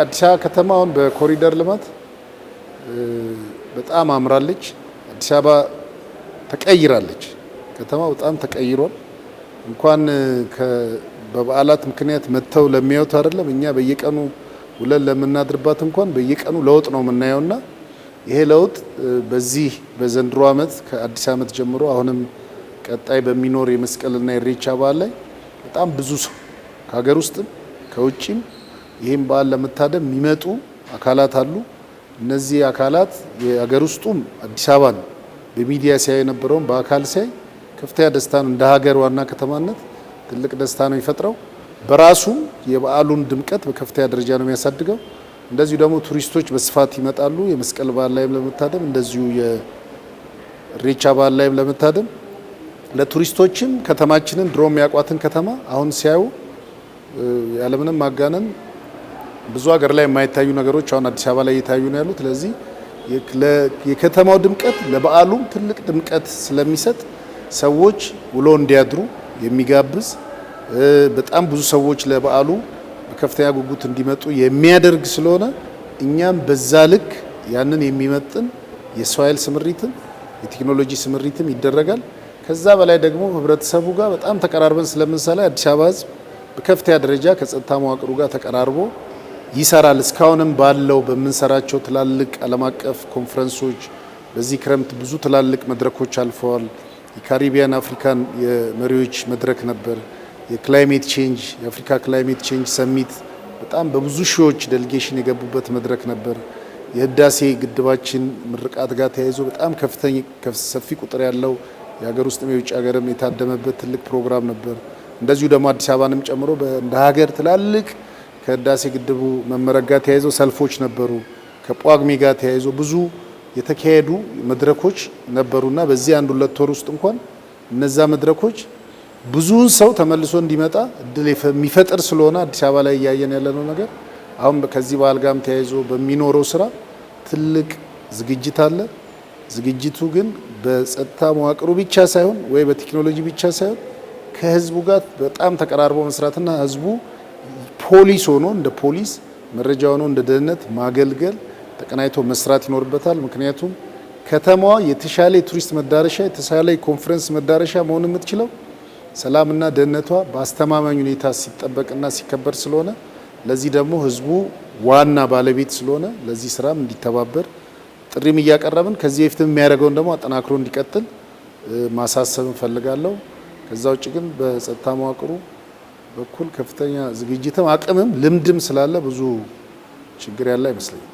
አዲስ አበባ ከተማ አሁን በኮሪደር ልማት በጣም አምራለች። አዲስ አበባ ተቀይራለች። ከተማ በጣም ተቀይሯል። እንኳን በበዓላት ምክንያት መጥተው ለሚያዩት አይደለም እኛ በየቀኑ ውለን ለምናድርባት እንኳን በየቀኑ ለውጥ ነው የምናየውና ይሄ ለውጥ በዚህ በዘንድሮ ዓመት ከአዲስ ዓመት ጀምሮ አሁንም ቀጣይ በሚኖር የመስቀልና የኢሬቻ በዓል ላይ በጣም ብዙ ሰው ከሀገር ውስጥም ከውጭም ይህም በዓል ለመታደም የሚመጡ አካላት አሉ። እነዚህ አካላት የሀገር ውስጡም አዲስ አበባን በሚዲያ ሲያይ የነበረውን በአካል ሲያይ ከፍተኛ ደስታ ነው። እንደ ሀገር ዋና ከተማነት ትልቅ ደስታ ነው የሚፈጥረው። በራሱም የበዓሉን ድምቀት በከፍተኛ ደረጃ ነው የሚያሳድገው። እንደዚሁ ደግሞ ቱሪስቶች በስፋት ይመጣሉ። የመስቀል በዓል ላይም ለመታደም እንደዚሁ የሬቻ በዓል ላይም ለመታደም ለቱሪስቶችም ከተማችንን ድሮ የሚያውቋትን ከተማ አሁን ሲያዩ ያለምንም ማጋነን ብዙ ሀገር ላይ የማይታዩ ነገሮች አሁን አዲስ አበባ ላይ እየታዩ ነው ያሉት። ስለዚህ የከተማው ድምቀት ለበዓሉም ትልቅ ድምቀት ስለሚሰጥ ሰዎች ውሎ እንዲያድሩ የሚጋብዝ በጣም ብዙ ሰዎች ለበዓሉ በከፍተኛ ጉጉት እንዲመጡ የሚያደርግ ስለሆነ እኛም በዛ ልክ ያንን የሚመጥን የሰው ኃይል ስምሪትም የቴክኖሎጂ ስምሪትም ይደረጋል። ከዛ በላይ ደግሞ ህብረተሰቡ ጋር በጣም ተቀራርበን ስለምንሰላ አዲስ አበባ ህዝብ በከፍተኛ ደረጃ ከጸጥታ መዋቅሩ ጋር ተቀራርቦ ይሰራል። እስካሁንም ባለው በምንሰራቸው ትላልቅ ዓለም አቀፍ ኮንፈረንሶች በዚህ ክረምት ብዙ ትላልቅ መድረኮች አልፈዋል። የካሪቢያን አፍሪካን የመሪዎች መድረክ ነበር። የክላይሜት ቼንጅ የአፍሪካ ክላይሜት ቼንጅ ሰሚት በጣም በብዙ ሺዎች ዴሊጌሽን የገቡበት መድረክ ነበር። የህዳሴ ግድባችን ምርቃት ጋር ተያይዞ በጣም ከፍተኛ ሰፊ ቁጥር ያለው የሀገር ውስጥም የውጭ ሀገርም የታደመበት ትልቅ ፕሮግራም ነበር። እንደዚሁ ደግሞ አዲስ አበባንም ጨምሮ እንደ ሀገር ትላልቅ ከህዳሴ ግድቡ መመረቅ ጋር ተያይዞ ሰልፎች ነበሩ። ከጳጉሜ ጋር ተያይዞ ብዙ የተካሄዱ መድረኮች ነበሩና በዚህ አንድ ሁለት ወር ውስጥ እንኳን እነዛ መድረኮች ብዙውን ሰው ተመልሶ እንዲመጣ እድል የሚፈጥር ስለሆነ አዲስ አበባ ላይ እያየን ያለነው ነገር አሁን ከዚህ በዓል ጋርም ተያይዞ በሚኖረው ስራ ትልቅ ዝግጅት አለ። ዝግጅቱ ግን በጸጥታ መዋቅሩ ብቻ ሳይሆን ወይ በቴክኖሎጂ ብቻ ሳይሆን ከህዝቡ ጋር በጣም ተቀራርቦ መስራትና ህዝቡ ፖሊስ ሆኖ እንደ ፖሊስ መረጃ ሆኖ እንደ ደህንነት ማገልገል ተቀናይቶ መስራት ይኖርበታል። ምክንያቱም ከተማዋ የተሻለ የቱሪስት መዳረሻ፣ የተሻለ የኮንፈረንስ መዳረሻ መሆን የምትችለው ሰላምና ደህንነቷ በአስተማማኝ ሁኔታ ሲጠበቅና ሲከበር ስለሆነ ለዚህ ደግሞ ህዝቡ ዋና ባለቤት ስለሆነ ለዚህ ስራም እንዲተባበር ጥሪም እያቀረብን ከዚህ በፊትም የሚያደርገውን ደግሞ አጠናክሮ እንዲቀጥል ማሳሰብ እንፈልጋለሁ። ከዛ ውጭ ግን በጸጥታ መዋቅሩ በኩል ከፍተኛ ዝግጅትም አቅምም ልምድም ስላለ ብዙ ችግር ያለ አይመስለኝም።